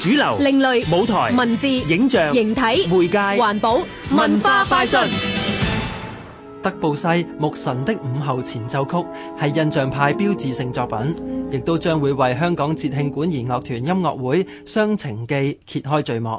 主流、另類舞台、文字、影像、形體、媒介、環保、文化快訊。德布西《牧神的午後前奏曲》係印象派標誌性作品，亦都將會為香港節慶管弦樂團音樂會《傷情記》揭開序幕。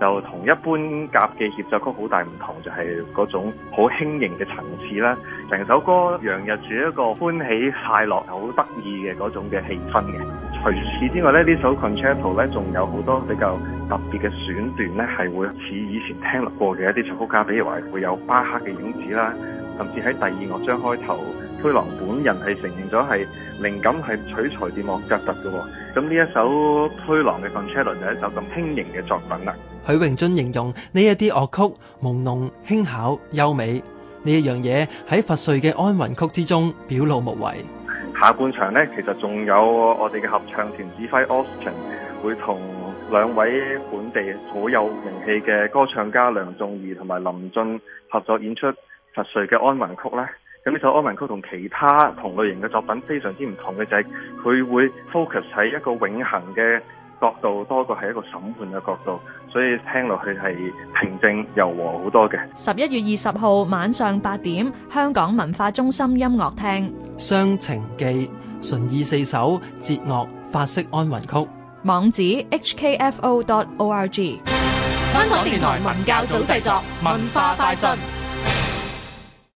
就同一般甲嘅協奏曲好大唔同，就係、是、嗰種好輕盈嘅層次啦。成首歌洋溢住一個歡喜快樂好得意嘅嗰種嘅氣氛嘅。除此之外咧，呢首 Concerto 咧仲有好多比較特別嘅選段咧，係會似以前聽過嘅一啲作曲家，比如話會有巴克嘅影子啦。甚至喺第二樂章開頭，推郎本人係承認咗係靈感係取材自莫扎特嘅喎。咁呢一首《推狼》嘅《c o n t a s 就一首咁輕盈嘅作品啦。許榮俊形容呢一啲樂曲朦朧輕巧、優美，呢一樣嘢喺佛瑞嘅安魂曲之中表露無遺。下半場咧，其實仲有我哋嘅合唱團指揮 Austin 會同兩位本地好有名氣嘅歌唱家梁仲怡同埋林俊合作演出佛瑞嘅安魂曲咧。呢首安魂曲同其他同類型嘅作品非常之唔同嘅就係佢會 focus 喺一個永恒嘅角度，多過係一個審判嘅角度，所以聽落去係平靜柔和好多嘅。十一月二十號晚上八點，香港文化中心音樂廳《雙情記》《純意四首》節樂《法式安魂曲》，網址 hkf o dot o r g，香港電台文教組製作文化快訊。